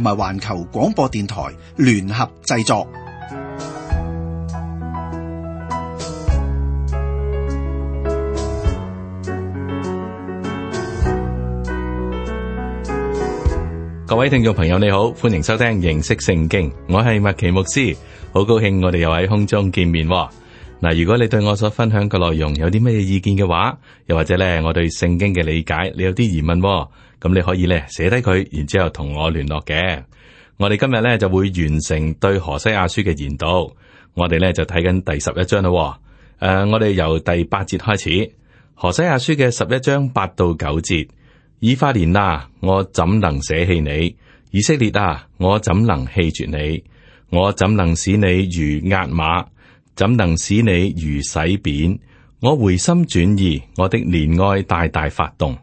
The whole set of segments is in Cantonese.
同埋環球廣播電台聯合製作。各位聽眾朋友，你好，歡迎收聽認識聖經，我係麥奇牧師，好高興我哋又喺空中見面。嗱，如果你對我所分享嘅內容有啲咩意見嘅話，又或者咧，我對聖經嘅理解你有啲疑問。咁你可以咧寫低佢，然之後同我聯絡嘅。我哋今日咧就會完成對何西阿書嘅研讀。我哋咧就睇緊第十一章咯。誒、呃，我哋由第八節開始，何西阿書嘅十一章八到九節。以法蓮啊，我怎能捨棄你？以色列啊，我怎能棄絕你？我怎能使你如壓馬？怎能使你如洗扁？我回心轉意，我的憐愛大大發動。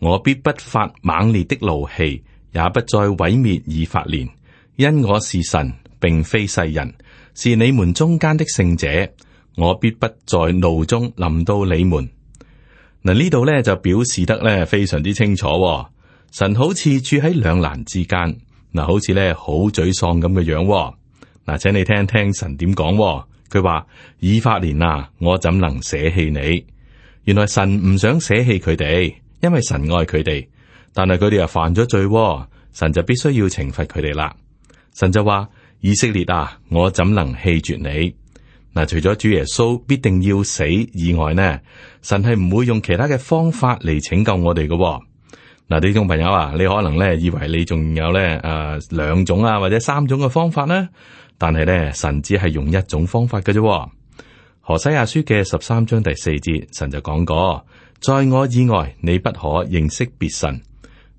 我必不發猛烈的怒氣，也不再毀滅以法蓮，因我是神，並非世人，是你們中間的聖者。我必不在怒中臨到你們嗱。呢度咧就表示得咧非常之清楚，神好似處喺兩難之間嗱，好似咧好沮喪咁嘅樣嗱。請你聽聽神點講，佢話以法蓮啊，我怎能捨棄你？原來神唔想捨棄佢哋。因為神愛佢哋，但係佢哋又犯咗罪，神就必須要懲罰佢哋啦。神就話：以色列啊，我怎能棄絕你？嗱，除咗主耶穌必定要死以外呢，神係唔會用其他嘅方法嚟拯救我哋嘅。嗱，呢種朋友啊，你可能咧以為你仲有咧啊兩種啊或者三種嘅方法呢，但係咧神只係用一種方法嘅啫。何西阿書嘅十三章第四節，神就講過：在我以外，你不可認識別神。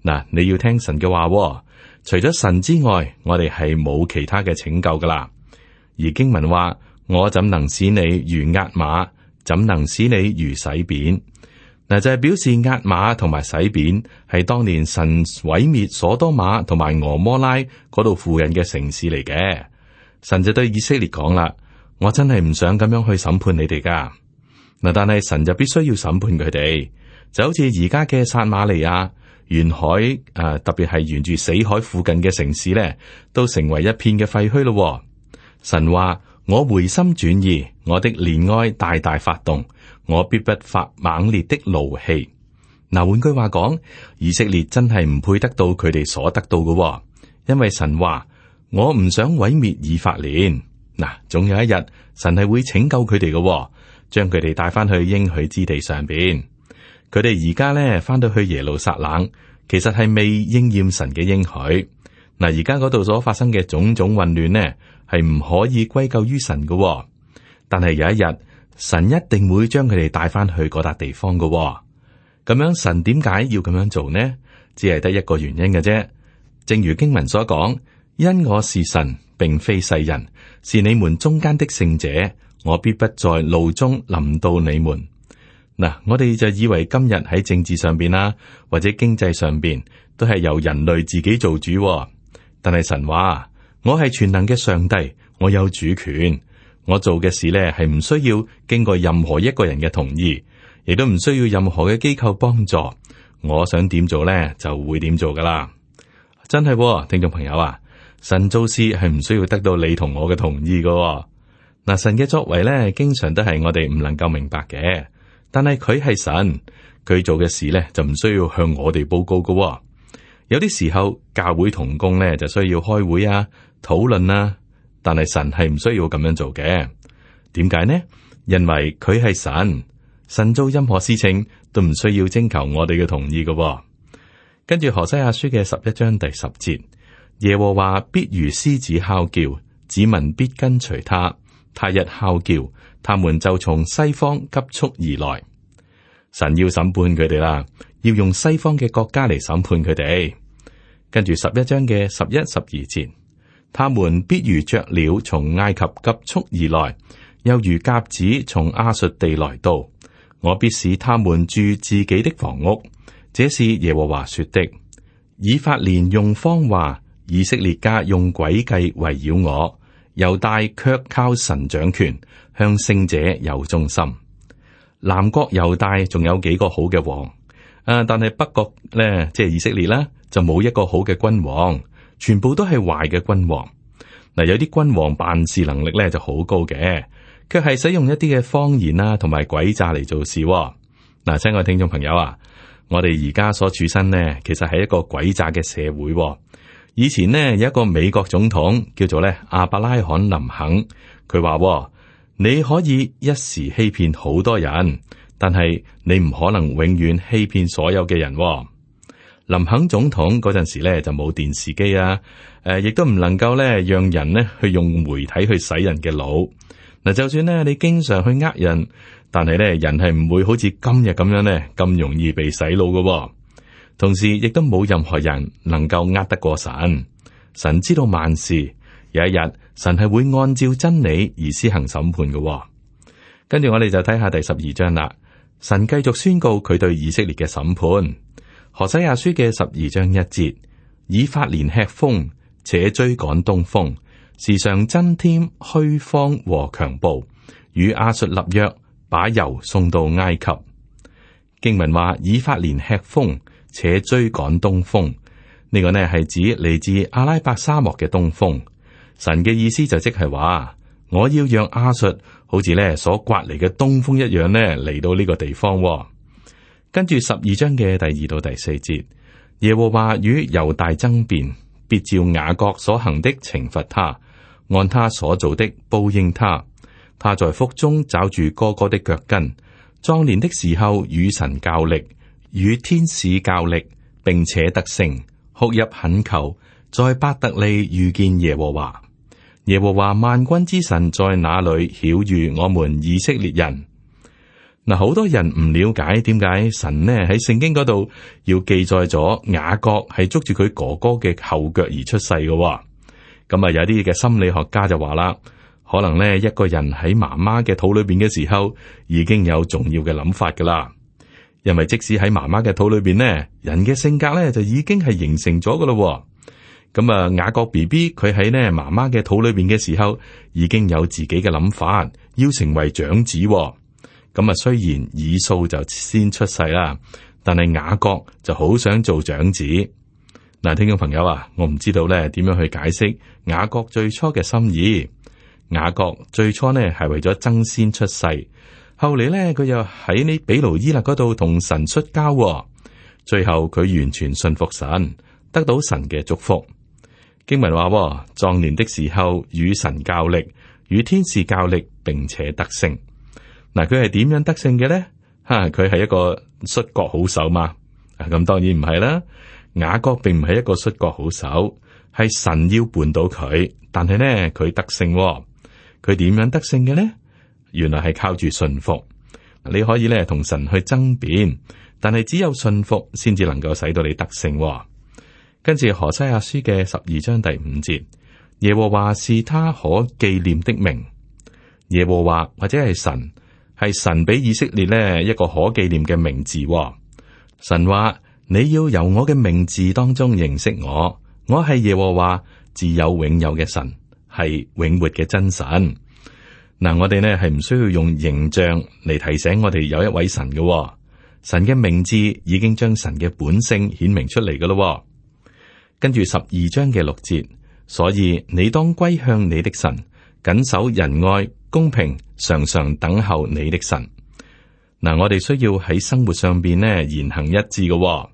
嗱，你要聽神嘅話，除咗神之外，我哋係冇其他嘅拯救㗎喇。而經文話：我怎能使你如押瑪？怎能使你如洗扁？嗱，就係、是、表示押瑪同埋洗扁係當年神毀滅所多瑪同埋俄摩拉嗰度附近嘅城市嚟嘅。神就對以色列講啦。我真係唔想咁樣去審判你哋噶，嗱，但係神就必須要審判佢哋，就好似而家嘅撒瑪利亞沿海，誒、呃，特別係沿住死海附近嘅城市咧，都成為一片嘅廢墟咯。神話我回心轉意，我的憐愛大大發動，我必不發猛烈的怒氣。嗱、呃，換句話講，以色列真係唔配得到佢哋所得到嘅，因為神話我唔想毀滅以法蓮。嗱，總有一日神係會拯救佢哋嘅，將佢哋帶翻去應許之地上邊。佢哋而家咧翻到去耶路撒冷，其實係未應驗神嘅應許。嗱，而家嗰度所發生嘅種種混亂呢，係唔可以歸咎於神嘅喎。但係有一日神一定會將佢哋帶翻去嗰笪地方嘅喎。咁樣神點解要咁樣做呢？只係得一個原因嘅啫，正如經文所講，因我是神，並非世人，是你們中間的聖者，我必不在怒中臨到你們。嗱，我哋就以為今日喺政治上邊啦，或者經濟上邊，都係由人類自己做主、哦。但係神話，我係全能嘅上帝，我有主權，我做嘅事呢，係唔需要經過任何一個人嘅同意，亦都唔需要任何嘅機構幫助。我想點做呢，就會點做噶啦。真係、哦，聽眾朋友啊！神做事係唔需要得到你同我嘅同意嘅、哦。嗱、呃，神嘅作為咧，經常都係我哋唔能夠明白嘅。但係佢係神，佢做嘅事咧就唔需要向我哋報告嘅、哦。有啲時候教會同工咧就需要開會啊討論啊，但係神係唔需要咁樣做嘅。點解呢？因為佢係神，神做任何事情都唔需要徵求我哋嘅同意嘅、哦。跟住何西阿書嘅十一章第十節。耶和華必如獅子吼叫，子民必跟隨他。他日吼叫，他們就從西方急速而來。神要審判佢哋啦，要用西方嘅國家嚟審判佢哋。跟住十一章嘅十一、十二節，他們必如雀鳥從埃及急速而來，又如鴿子從亞述地來到。我必使他們住自己的房屋，這是耶和華說的。以法蓮用謊話。以色列家用詭計圍繞我，猶大卻靠神掌權，向聖者有忠心。南國猶大仲有幾個好嘅王，誒、啊，但係北國咧，即係以色列啦，就冇一個好嘅君王，全部都係壞嘅君王。嗱、啊，有啲君王辦事能力咧就好高嘅，卻係使用一啲嘅謊言啦，同埋詭詐嚟做事、啊。嗱、啊，親愛嘅聽眾朋友啊，我哋而家所處身呢，其實係一個詭詐嘅社會、啊。以前呢，有一個美國總統叫做咧阿伯拉罕林肯，佢話你可以一時欺騙好多人，但係你唔可能永遠欺騙所有嘅人。林肯總統嗰陣時咧就冇電視機啊，誒亦都唔能夠咧讓人呢去用媒體去洗人嘅腦。嗱，就算呢，你經常去呃人，但係咧人係唔會好似今日咁樣咧咁容易被洗腦㗎。同時亦都冇任何人能夠呃得過神。神知道萬事，有一日神係會按照真理而施行審判嘅。哦，跟住我哋就睇下第十二章啦。神繼續宣告佢對以色列嘅審判。何西阿書嘅十二章一節：以法連吃風，且追趕東風，時常增添虛荒和強暴，與亞述立約，把油送到埃及。經文話：以法連吃風。且追趕東風，呢、這個呢係指嚟自阿拉伯沙漠嘅東風。神嘅意思就即係話，我要讓亞述好似呢所颳嚟嘅東風一樣呢嚟到呢個地方，哦。跟住十二章嘅第二到第四節，耶和華與猶大爭辯，必照雅各所行的懲罰他，按他所做的報應他。他在腹中抓住哥哥的腳跟，壯年的時候與神較力。與天使較力，並且得勝，哭泣懇求，在伯特利遇見耶和華。耶和華萬軍之神在哪裏？曉諭我們以色列人。嗱，好多人唔了解點解神呢喺聖經嗰度要記載咗雅各係捉住佢哥哥嘅後腳而出世嘅。咁啊，有啲嘅心理學家就話啦，可能呢一個人喺媽媽嘅肚裏邊嘅時候，已經有重要嘅諗法噶啦。因為即使喺媽媽嘅肚裏邊呢，人嘅性格咧，就已經係形成咗噶咯。咁啊，雅各 B B 佢喺呢媽媽嘅肚裏邊嘅時候，已經有自己嘅諗法，要成為長子。咁啊，雖然以掃就先出世啦，但係雅各就好想做長子。嗱，聽眾朋友啊，我唔知道咧，點樣去解釋雅各最初嘅心意。雅各最初呢係為咗爭先出世。後嚟咧，佢又喺毗努伊勒嗰度同神摔交，最後佢完全信服神，得到神嘅祝福。經文話：壯年的時候與神較力，與天使較力，並且得勝。嗱，佢係點樣得勝嘅咧？吓、啊，佢係一個摔角好手嘛？啊，咁當然唔係啦。雅各並唔係一個摔角好手，係神要絆倒佢，但係咧佢得勝。佢點樣得勝嘅咧？原來係靠住信服，你可以咧同神去爭辯，但係只有信服先至能夠使到你得勝。跟住何西阿書嘅十二章第五節，耶和華是他可紀念的名。耶和華或者係神，係神俾以色列呢一個可紀念嘅名字。神話你要由我嘅名字當中認識我，我係耶和華自有永有嘅神，係永活嘅真神。嗱，我哋咧係唔需要用形象嚟提醒我哋有一位神嘅、哦，神嘅名字已經將神嘅本性顯明出嚟噶啦。跟住十二章嘅六節，所以你當歸向你的神，謹守仁愛、公平、常常等候你的神。嗱、嗯，我哋需要喺生活上邊呢言行一致嘅、哦，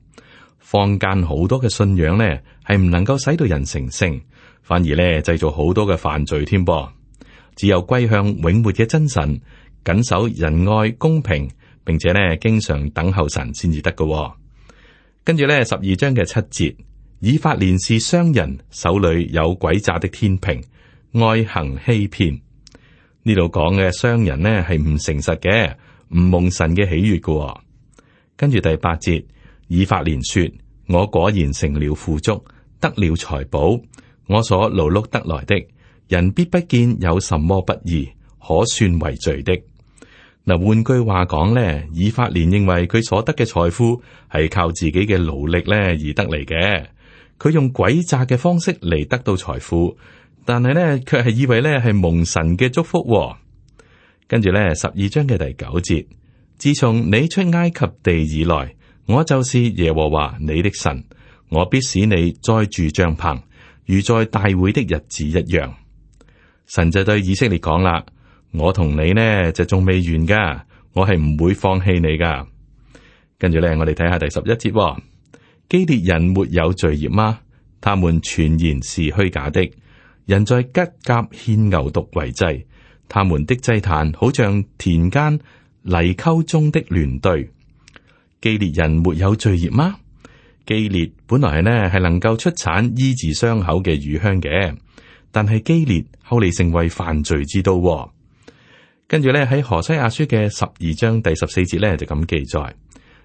放間好多嘅信仰呢，係唔能夠使到人成聖，反而呢製造好多嘅犯罪添噃。只有歸向永活嘅真神，謹守仁愛、公平，並且呢經常等候神先至得嘅。跟住呢十二章嘅七節，以法蓮是商人手裏有詭詐的天平，愛行欺騙。呢度講嘅商人呢係唔誠實嘅，唔蒙神嘅喜悅嘅。跟住第八節，以法蓮說：我果然成了富足，得了財寶，我所勞碌得來的。人必不見有什麼不義，可算為罪的。嗱，換句話講咧，以法蓮認為佢所得嘅財富係靠自己嘅勞力咧而得嚟嘅。佢用詭詐嘅方式嚟得到財富，但係咧，卻係以為咧係蒙神嘅祝福。跟住咧，十二章嘅第九節，自從你出埃及地以來，我就是耶和華你的神，我必使你再住帳篷，如在大會的日子一樣。神就對以色列講啦：我同你呢就仲未完噶，我係唔會放棄你噶。跟住呢，我哋睇下第十一節喎：基列人沒有罪孽嗎？他們全然是虛假的。人在吉甲獻牛犢為祭，他們的祭壇好像田間泥溝中的聯隊。基列人沒有罪孽嗎？基列本來呢係能夠出產醫治傷口嘅乳香嘅。但係基列，後嚟成為犯罪之都。跟住咧，喺何西阿書嘅十二章第十四節咧就咁記載：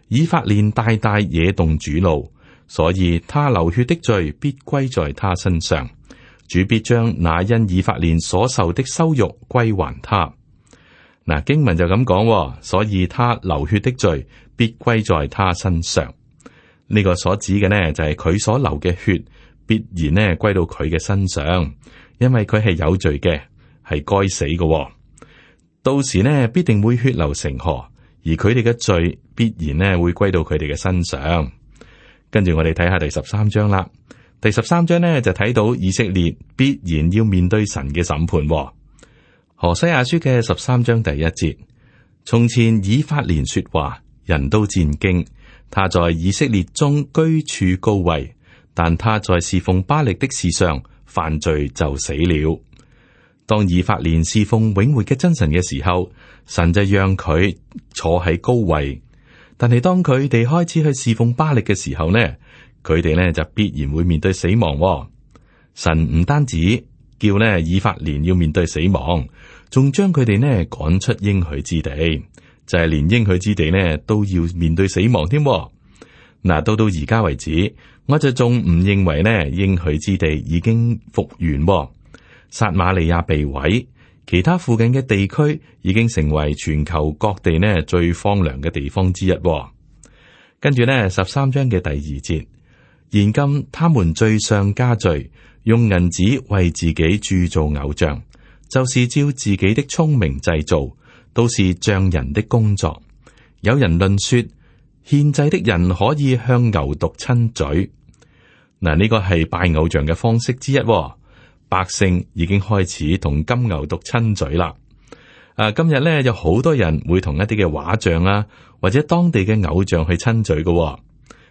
以法蓮大大惹動主怒，所以他流血的罪必歸在他身上。主必將那因以法蓮所受的羞辱歸還他。嗱，經文就咁講，所以他流血的罪必歸在他身上。呢個所指嘅呢，就係佢所流嘅血必然咧歸到佢嘅身上。因為佢係有罪嘅，係該死嘅、哦。到時呢，必定會血流成河，而佢哋嘅罪必然呢會歸到佢哋嘅身上。跟住我哋睇下第十三章啦。第十三章呢就睇到以色列必然要面對神嘅審判、哦。何西阿書嘅十三章第一節：從前以法蓮說話，人都戰驚；他在以色列中居處高位，但他在侍奉巴力的事上。犯罪就死了。當以法蓮侍奉永活嘅真神嘅時候，神就讓佢坐喺高位。但係當佢哋開始去侍奉巴力嘅時候呢，佢哋呢就必然會面對死亡。神唔單止叫呢以法蓮要面對死亡，仲將佢哋呢趕出應許之地，就係連應許之地呢都要面對死亡添。嗱，到到而家為止。我就仲唔認為呢應許之地已經復原，撒瑪利亞被毀，其他附近嘅地區已經成為全球各地呢最荒涼嘅地方之一。跟住呢十三章嘅第二節，現今他們罪上加罪，用銀子為自己鑄造偶像，就是照自己的聰明製造，都是匠人的工作。有人論說。獻祭的人可以向牛犢親嘴，嗱，呢個係拜偶像嘅方式之一、哦。百姓已經開始同金牛犢親嘴啦。啊，今日咧有好多人會同一啲嘅畫像啦、啊，或者當地嘅偶像去親嘴嘅、哦。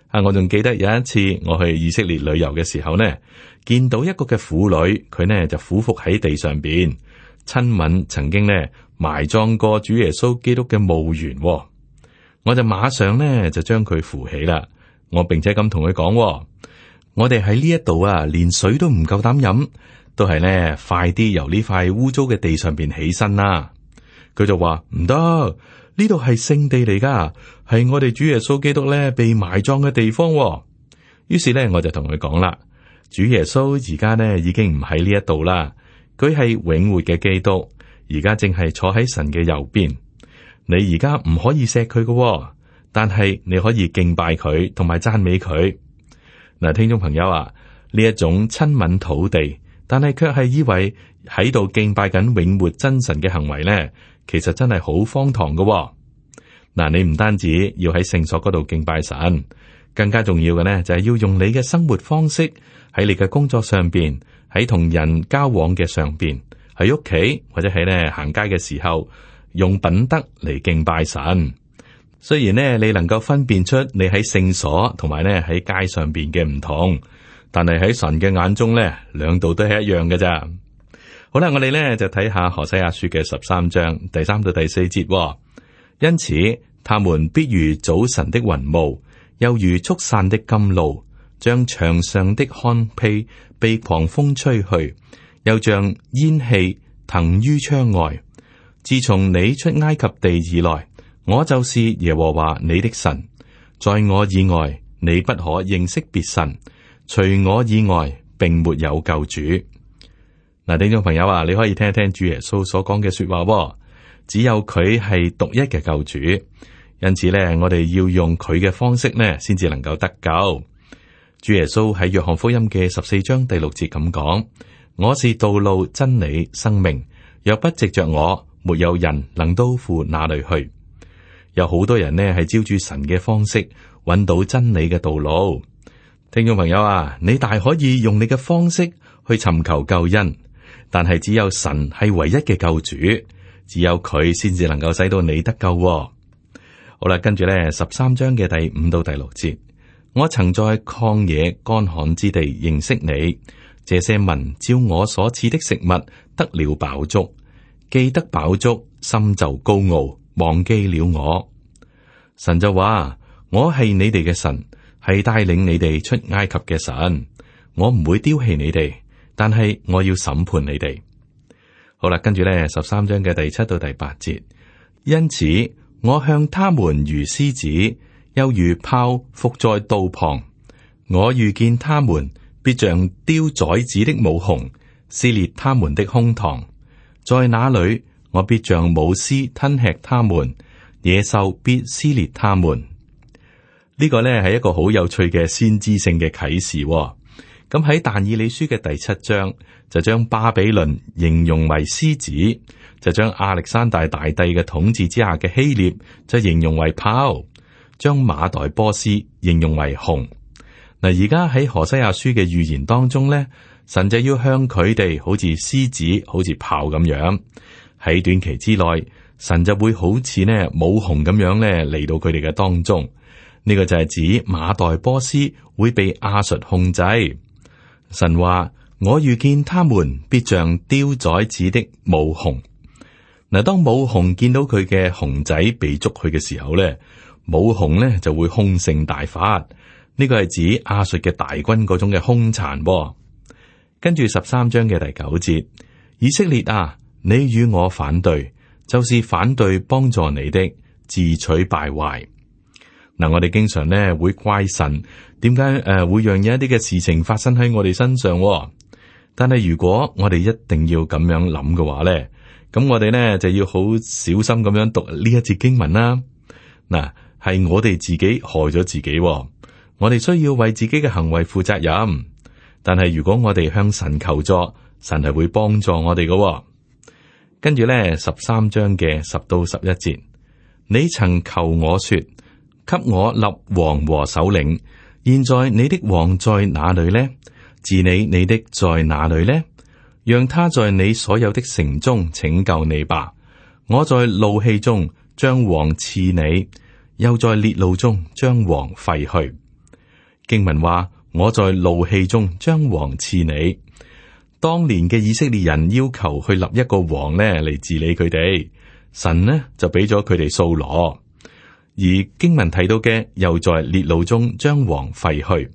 啊，我仲記得有一次我去以色列旅遊嘅時候呢，見到一個嘅婦女，佢呢就俯伏喺地上邊親吻曾經呢埋葬過主耶穌基督嘅墓園、哦。我就馬上咧就將佢扶起啦，我並且咁同佢講，我哋喺呢一度啊，連水都唔夠膽飲，都係咧快啲由呢塊污糟嘅地上邊起身啦、啊。佢就話唔得，呢度係聖地嚟噶，係我哋主耶穌基督咧被埋葬嘅地方、哦。於是咧，我就同佢講啦，主耶穌而家咧已經唔喺呢一度啦，佢係永活嘅基督，而家淨係坐喺神嘅右邊。你而家唔可以錫佢嘅，但係你可以敬拜佢同埋讚美佢。嗱，聽眾朋友啊，呢一種親吻土地，但係卻係以為喺度敬拜緊永活真神嘅行為咧，其實真係好荒唐嘅。嗱，你唔單止要喺聖所嗰度敬拜神，更加重要嘅咧就係要用你嘅生活方式喺你嘅工作上邊，喺同人交往嘅上邊，喺屋企或者喺咧行街嘅時候，用品德嚟敬拜神，雖然呢你能夠分辨出你喺聖所同埋呢喺街上邊嘅唔同，但係喺神嘅眼中呢兩度都係一樣嘅。咋好啦，我哋呢就睇下何西阿書嘅十三章第三到第四節。因此，他們必如早晨的雲霧，又如速散的甘露，將牆上的糠秕被狂風吹去，又像煙氣騰於窗外。自從你出埃及地以來，我就是耶和華你的神。在我以外，你不可認識別神；除我以外，並沒有救主。嗱、啊，聽眾朋友啊，你可以聽一聽主耶穌所講嘅說話。只有佢係獨一嘅救主，因此咧，我哋要用佢嘅方式咧，先至能夠得救。主耶穌喺約翰福音嘅十四章第六節咁講：我是道路、真理、生命，若不藉着我。沒有人能到父那裏去，有好多人呢係照住神嘅方式揾到真理嘅道路。聽眾朋友啊，你大可以用你嘅方式去尋求救恩，但係只有神係唯一嘅救主，只有佢先至能夠使到你得救啊。好啦，跟住咧十三章嘅第五到第六節，我曾在曠野乾旱之地認識你，這些民照我所賜的食物得了飽足。記得飽足，心就高傲，忘記了我。神就話：我係你哋嘅神，係帶領你哋出埃及嘅神。我唔會丟棄你哋，但係我要審判你哋。好啦，跟住咧十三章嘅第七到第八節，因此我向他們如獅子，又如豹伏在道旁。我遇見他們，必像丟崽子的母熊撕裂他們的胸膛。在那裏，我必像母獅吞吃他們，野獸必撕裂他們。呢個呢，係一個好有趣嘅先知性嘅啟示，哦。咁喺但以理書嘅第七章，就將巴比倫形容為獅子，就將亞歷山大大帝嘅統治之下嘅希臘，就形容為豹，將馬代波斯形容為熊。嗱，而家喺何西阿書嘅預言當中呢。神就要向佢哋，好似獅子，好似豹咁樣喺短期之內，神就會好似呢母熊咁樣咧嚟到佢哋嘅當中。呢個就係指瑪代波斯會被亞述控制。神話我遇見他們，必像丟崽子的母熊。嗱，當母熊見到佢嘅熊仔被捉去嘅時候咧，母熊咧就會凶性大發。呢個係指亞述嘅大軍嗰種嘅兇殘。噃。跟住十三章嘅第九節，以色列啊，你與我反對，就是反對幫助你的，自取敗壞。嗱、嗯，我哋經常咧會怪神，點解誒會讓一啲嘅事情發生喺我哋身上？但係如果我哋一定要咁樣諗嘅話咧，咁我哋咧就要好小心咁樣讀呢一節經文啦。嗱、嗯，係我哋自己害咗自己，我哋需要為自己嘅行為負責任。但係如果我哋向神求助，神係會幫助我哋噶、哦。跟住咧，十三章嘅十到十一節，你曾求我說，給我立王和首領。現在你的王在哪裏呢？自你你的在哪裏呢？讓他在你所有的城中拯救你吧。我在怒氣中將王賜你，又在烈怒中將王廢去。經文話。我在怒氣中將王賜你。當年嘅以色列人要求去立一個王呢，嚟治理佢哋，神呢就俾咗佢哋掃羅。而經文睇到嘅，又在烈怒中將王廢去。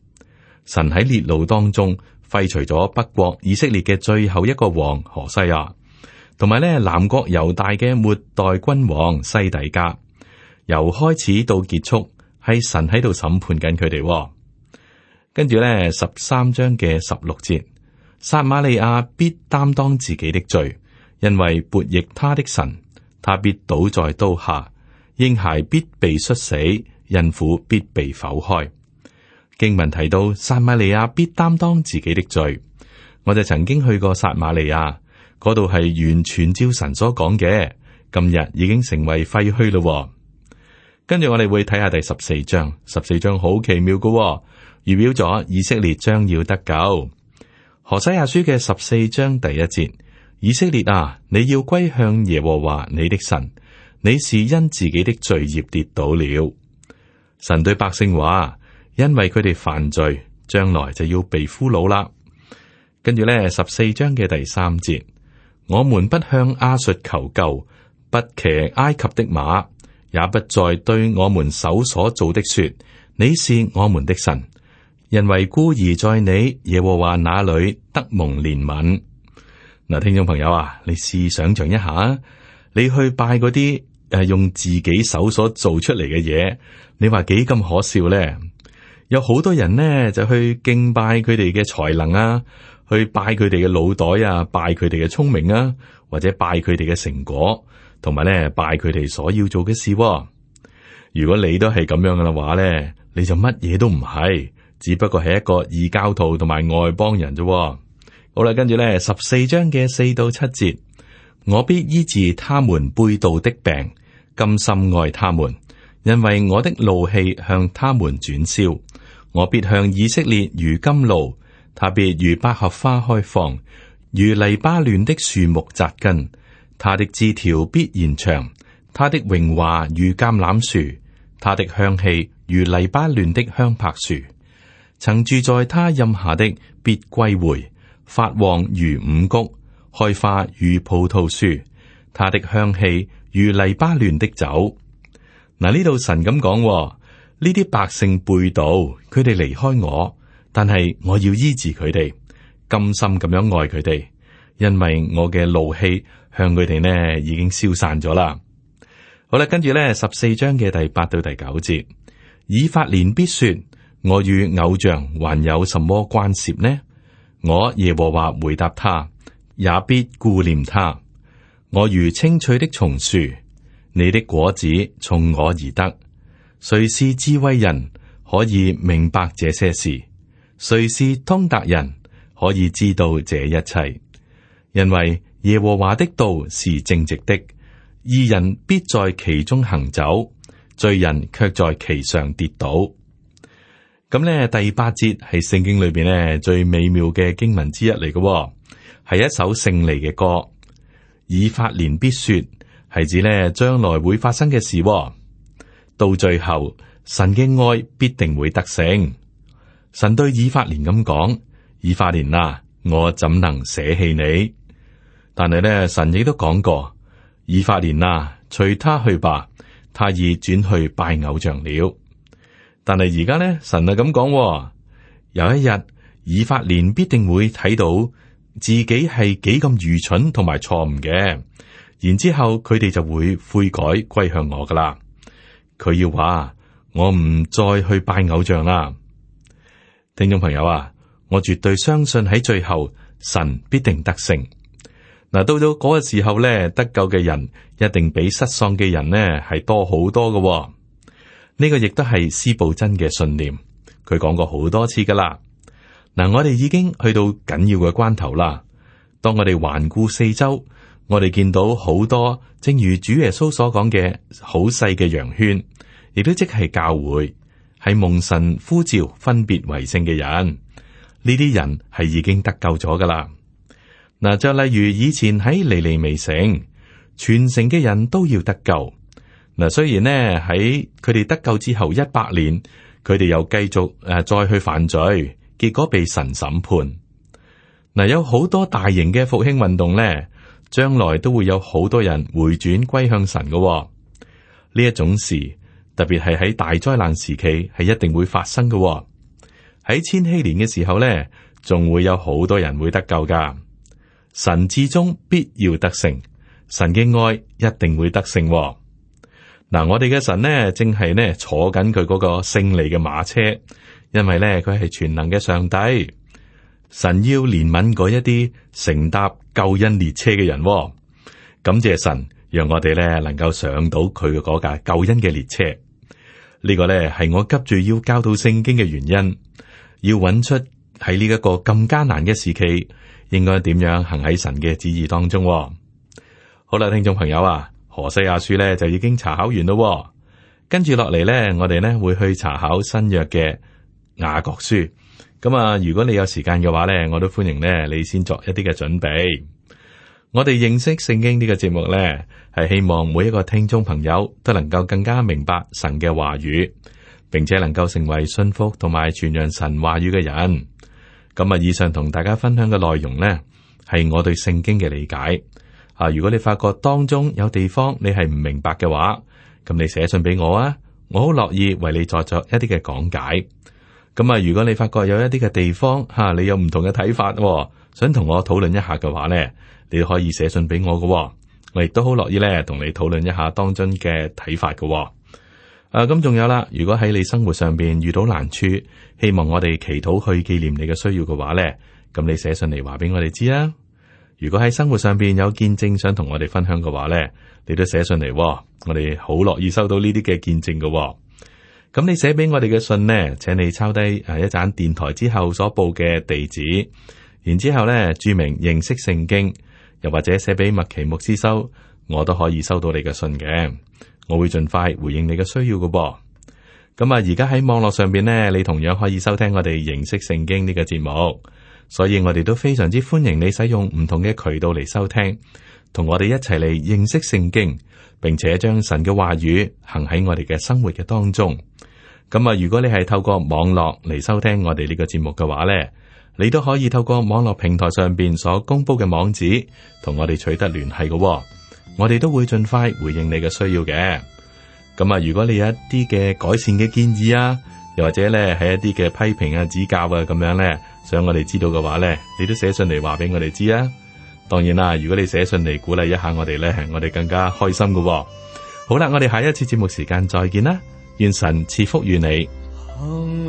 神喺烈怒當中廢除咗北國以色列嘅最後一個王何西阿，同埋呢南國猶大嘅末代君王西底家。由開始到結束，係神喺度審判緊佢哋。跟住咧，十三章嘅十六節，撒瑪利亞必擔當自己的罪，因為悖逆他的神，他必倒在刀下，嬰孩必被摔死，孕婦必被剖開。經文提到撒瑪利亞必擔當自己的罪，我就曾經去過撒瑪利亞嗰度，係完全照神所講嘅。今日已經成為廢墟咯。跟住我哋會睇下第十四章，十四章好奇妙㗎、哦。預表咗以色列將要得救。何西阿書嘅十四章第一節：以色列啊，你要歸向耶和華你的神，你是因自己的罪孽跌倒了。神對百姓話：因為佢哋犯罪，將來就要被俘虜啦。跟住咧，十四章嘅第三節：我們不向亞述求救，不騎埃及的馬，也不再對我們手所做的說：你是我們的神。人為孤兒，在你耶和華那裏得蒙憐憫。嗱，聽眾朋友啊，你試想象一下，你去拜嗰啲誒用自己手所做出嚟嘅嘢，你話幾咁可笑咧？有好多人呢，就去敬拜佢哋嘅才能啊，去拜佢哋嘅腦袋啊，拜佢哋嘅聰明啊，或者拜佢哋嘅成果，同埋咧拜佢哋所要做嘅事啊。如果你都係咁樣嘅話呢，你就乜嘢都唔係。只不過係一個異教徒同埋外邦人啫。好啦，跟住咧十四章嘅四到七節，我必醫治他們背道的病，甘心愛他們，因為我的怒氣向他們轉消。我必向以色列如甘露，他必如百合花開放，如黎巴嫩的樹木紮根，他的枝條必延長，他的榮華如橄欖樹，他的香氣如黎巴嫩的香柏樹。曾住在他蔭下的，必歸回；發旺如五穀，開花如葡萄樹。他的香氣如黎巴嫩的酒。嗱、啊，呢度神咁講，呢啲百姓背道，佢哋離開我，但係我要醫治佢哋，甘心咁樣愛佢哋，因為我嘅怒氣向佢哋呢已經消散咗啦。好啦，跟住咧十四章嘅第八到第九節，以法蓮必說。我與偶像還有什麼關涉呢？我耶和華回答他，也必顧念他。我如青翠的松樹，你的果子從我而得。誰是智慧人，可以明白這些事？誰是通達人，可以知道這一切？因為耶和華的道是正直的，義人必在其中行走，罪人卻在其上跌倒。咁咧，第八節係聖經裏邊咧最美妙嘅經文之一嚟嘅，係一首勝利嘅歌。以法蓮必說，係指咧將來會發生嘅事。到最後，神嘅愛必定會得勝。神對以法蓮咁講：「以法蓮啊，我怎能捨棄你？」但係咧，神亦都講過：「以法蓮啊，隨他去吧，他已轉去拜偶像了。」但係而家咧，神係咁講，有一日以法蓮必定會睇到自己係幾咁愚蠢同埋錯誤嘅，然之後佢哋就會悔改歸向我噶啦。佢要話我唔再去拜偶像啦。聽眾朋友啊，我絕對相信喺最後神必定得勝。嗱，到到嗰個時候咧，得救嘅人一定比失喪嘅人呢係多好多嘅哦。呢個亦都係司布真嘅信念，佢講過好多次噶啦。嗱，我哋已經去到緊要嘅關頭啦。當我哋環顧四周，我哋見到好多正如主耶穌所講嘅好細嘅羊圈，亦都即係教會，係蒙神呼召分別為聖嘅人。呢啲人係已經得救咗噶啦。嗱，就例如以前喺尼尼微城，全城嘅人都要得救。嗱，雖然咧喺佢哋得救之後一百年，佢哋又繼續誒再去犯罪，結果被神審判。嗱，有好多大型嘅復興運動咧，將來都會有好多人回轉歸向神噶。呢一種事特別係喺大災難時期係一定會發生噶。喺千禧年嘅時候咧，仲會有好多人會得救噶。神至終必要得勝，神嘅愛一定會得勝。嗱，我哋嘅神呢，正係呢坐緊佢嗰個勝利嘅馬車，因為呢佢係全能嘅上帝，神要憐憫嗰一啲乘搭救恩列車嘅人，感謝神讓我哋呢能夠上到佢嘅嗰架救恩嘅列車。呢個呢係我急住要教導聖經嘅原因，要揾出喺呢一個咁艱難嘅時期，應該點樣行喺神嘅旨意當中。好啦，聽眾朋友啊！何西阿書咧，就已經查考完咯，跟住落嚟呢，我哋呢會去查考新約嘅雅各書。咁啊，如果你有時間嘅話呢，我都歡迎呢你先作一啲嘅準備。我哋認識聖經呢個節目呢，係希望每一個聽眾朋友都能夠更加明白神嘅話語，並且能夠成為信福同埋傳揚神話語嘅人。咁啊，以上同大家分享嘅內容呢，係我對聖經嘅理解。啊！如果你發覺當中有地方你係唔明白嘅話，咁你寫信俾我啊，我好樂意為你作作一啲嘅講解。咁啊，如果你發覺有一啲嘅地方吓，你有唔同嘅睇法，想同我討論一下嘅話咧，你可以寫信俾我嘅，我亦都好樂意咧同你討論一下當中嘅睇法嘅。誒、啊，咁仲有啦，如果喺你生活上邊遇到難處，希望我哋祈禱去紀念你嘅需要嘅話咧，咁你寫信嚟話俾我哋知啊。如果喺生活上邊有見證想同我哋分享嘅話呢，你都寫信嚟，我哋好樂意收到呢啲嘅見證嘅。咁你寫俾我哋嘅信呢，請你抄低誒一盞電台之後所報嘅地址，然之後呢註明認識聖經，又或者寫俾麥奇牧師收，我都可以收到你嘅信嘅。我會盡快回應你嘅需要嘅噃。咁啊，而家喺網絡上邊呢，你同樣可以收聽我哋認識聖經呢個節目。所以我哋都非常之歡迎你使用唔同嘅渠道嚟收聽，同我哋一齊嚟認識聖經，並且將神嘅話語行喺我哋嘅生活嘅當中。咁啊，如果你係透過網絡嚟收聽我哋呢個節目嘅話呢，你都可以透過網絡平台上邊所公布嘅網址，同我哋取得聯繫嘅。我哋都會盡快回應你嘅需要嘅。咁啊，如果你有一啲嘅改善嘅建議啊～又或者咧，係一啲嘅批評啊、指教啊咁樣咧，想我哋知道嘅話咧，你都寫信嚟話俾我哋知啊。當然啦，如果你寫信嚟鼓勵一下我哋咧，係我哋更加開心㗎喎。好啦，我哋下一次節目時間再見啦，願神賜福於你。